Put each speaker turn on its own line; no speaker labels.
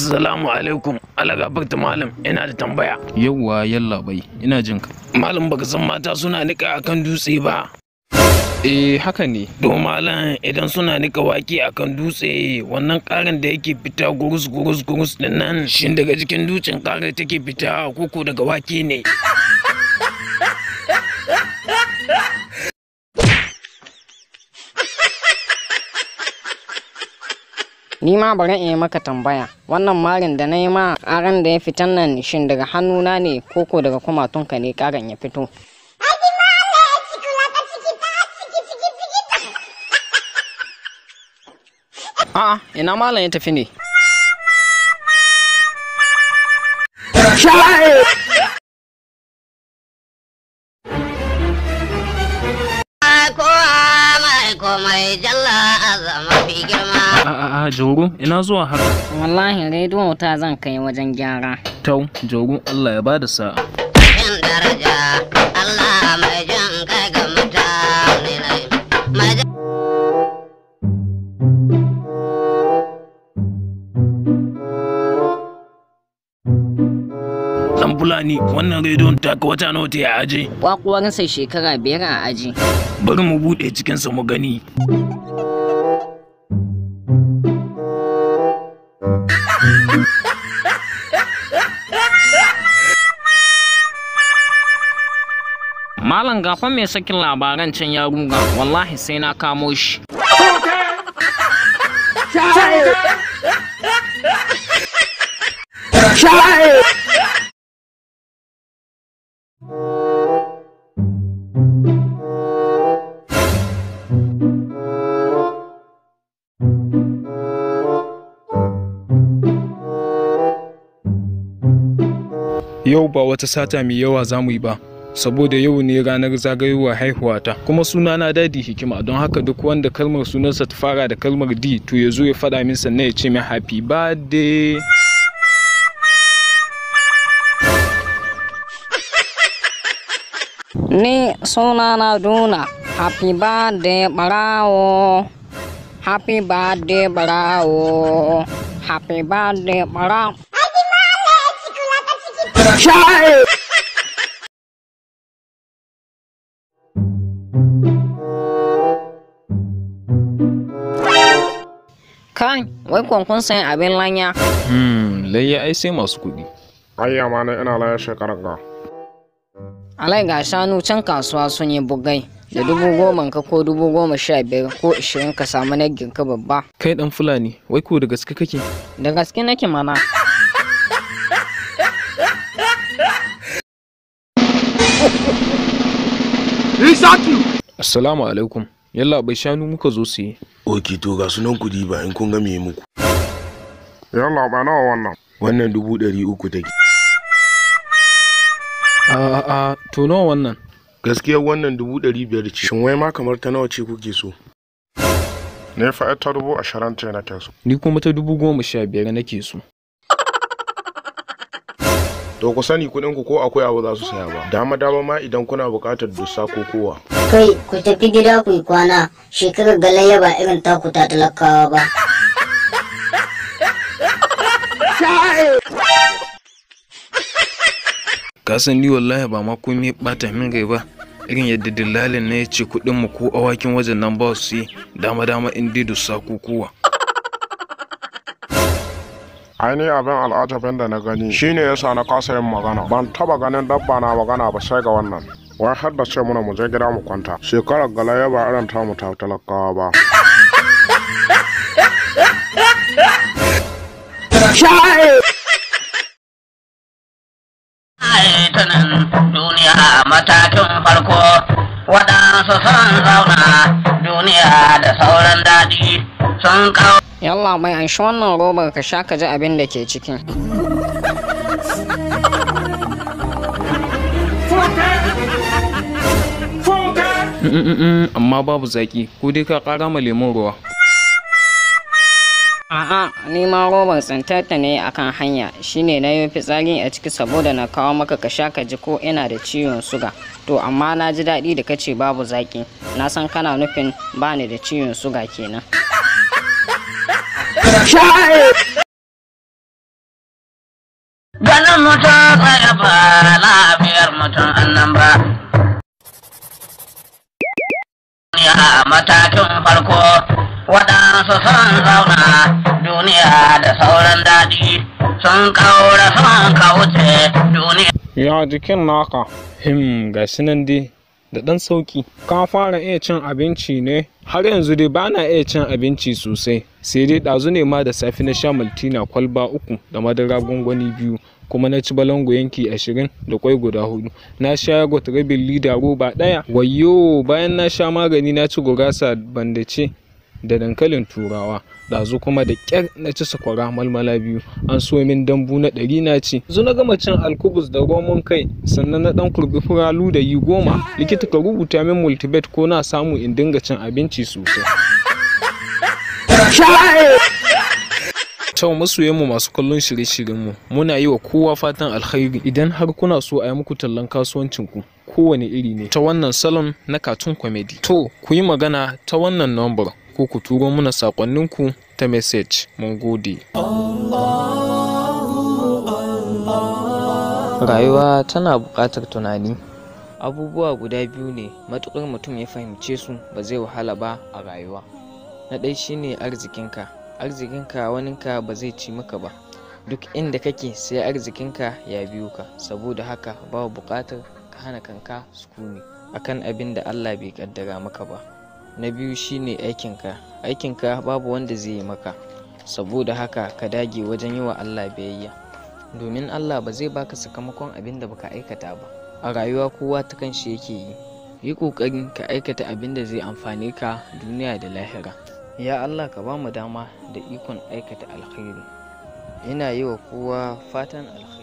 assalamu alaikum bakta malam ina da tambaya yawwa yalla bai ina jin ka malam baka san mata suna nika akan dutse ba eh haka ne to malam idan suna nika wake akan dutse wannan karin da yake fita gurus gurus gurus din nan shin daga cikin dutsen karar take fita koko daga wake ne
Ni ma bari in yi maka tambaya, wannan marin da na yi ma aran da ya fitan nan shin daga hannuna ne koko daga kumatunka ne karan ya fito. A'a, ina malam ya tafi ne. komai jalla zama fi girma a a jogo ina zuwa haka wallahi rediyo ta zan kai wajen gyara tau jogo Allah ya bada sa'a daraja Allah mai
fulani wannan rediyon taka wata nawa ta ya aje
kwakuwarsa shekara biyar a aji
bari mu buɗe cikinsa mu gani
Malam gafa mai sakin labaran can ya ruga wallahi sai na kamo shi. Shaye! Shaye!
yau ba wata sata mai yawa za mu yi ba saboda yau ne ranar zagayowar haihuwata kuma suna na dadi hikima don haka duk wanda kalmar sunarsa ta fara da kalmar d to ya zo ya faɗa min sannan ya ce min happy birthday
ni suna na duna happy birthday barawo happy birthday barawo happy birthday barawo shaye Kai, wai kun sayan abin lanya.
Hmm, layya ai sai masu kuɗi. Ai ma na ina laya shekarar ga.
Alai ga shanu can kasuwa sun yi bugai. Da dubu goma ka ko dubu goma sha biyar ko ishirin ka samu na ginka babba. Kai dan Fulani, wai ko da gaske kake? Da gaske nake mana.
Risatu. Assalamu alaikum. Yalla bai shanu muka zo su yi. Oke to ga sunan kuɗi ba in kun ga me muku. Yalla ba nawa wannan. Wannan dubu ɗari uku take. A a to nawa wannan? Gaskiya wannan dubu ɗari biyar ce. Shin wai ma kamar ta nawa ce kuke so? Ne fa ta dubu ashirin ce nake so. Ni kuma ta dubu goma sha biyar nake so. to ku sani kuɗin ku ko akwai abu za su saya ba dama dama ma idan kuna bukatar dusa ko kowa
kai ku tafi gida ku yi kwana shekarar galayya ba irin taku ta talakawa ba
ka san ni wallahi ba ma komai bata min gai ba irin yadda dillalin na ya ce kuɗin mu ko awakin wajen nan ba su yi dama dama in dai dusa ko kowa aini abin al'ajabin da na gani shine yasa na kasa yin magana ban taba ganin dabba na magana ba sai ga wannan wai har da ce muna mu je gida mu kwanta shekarar ya ba aranta mu ta talakawa ba
duniya matakin farko waɗansu sun zauna duniya da sauran daɗi sun kawo yallah mai an shi wannan robar ka sha ka ji abin da ke cikin
amma babu zaki ko dai ka kara ma lemon ruwa
a'a ni ma robar tsintarta ne akan hanya shine na yi fitsari a ciki saboda na kawo maka ka sha ka ji ko ina da ciwon suga to amma na ji daɗi da kace babu zaki na san kana nufin ba ni da ciwon suga kenan Ganin mutum tsaye ba lafiyar mutum annan ba. Ya matakin farko waɗansu sun zauna duniya da sauran daɗi sun kaura sun
wuce duniya. Ya jikin naka, him ga sinan dai. da ɗan sauƙi. Ka fara iya cin abinci ne? Har yanzu dai ba na iya cin abinci sosai, sai dai ɗazu ne ma da safe na sha maltina kwalba uku da madara gwangwani biyu, kuma na ci balangu yanki ashirin da kwai guda hudu. Na sha yogurt rabin lida roba ɗaya. Wayyo bayan na sha magani na ci gurasa bandace da dankalin turawa ɗazu kuma da ƙyar na ci sakwara malmala biyu an so min dambu na ɗari na ci zu na gama cin alkubus da romon kai sannan na ɗan kurbi furalu da yi goma likita ka rubuta min multibet ko na samu in dinga cin abinci sosai Cewa masoyanmu masu kallon shirye-shiryenmu muna yi wa kowa fatan alkhairi idan har kuna so a yi muku tallan kasuwancinku kowane iri ne ta wannan salon na katun comedy to ku yi magana ta wannan number ko ku turo muna sakonninku ta message mun gode
rayuwa tana buƙatar tunani abubuwa guda biyu ne matuƙar mutum ya fahimce su ba zai wahala ba a rayuwa na ɗai shine arzikinka arzikinka waninka ba zai ci maka ba duk inda kake sai arzikinka ya biyo ka saboda haka ba buƙatar ka hana kanka sukuni akan abin da allah bai ƙaddara maka ba na biyu shine aikinka aikinka babu wanda zai yi maka saboda haka ka dage wajen yi wa Allah biyayya domin Allah ba zai baka sakamakon abin da baka aikata ba a rayuwa kowa ta kan yake yi yi ƙoƙarin ka aikata abin da zai amfani ka duniya da lahira ya Allah ka ba mu dama da ikon aikata alkhairi ina yi wa kowa fatan alkhairi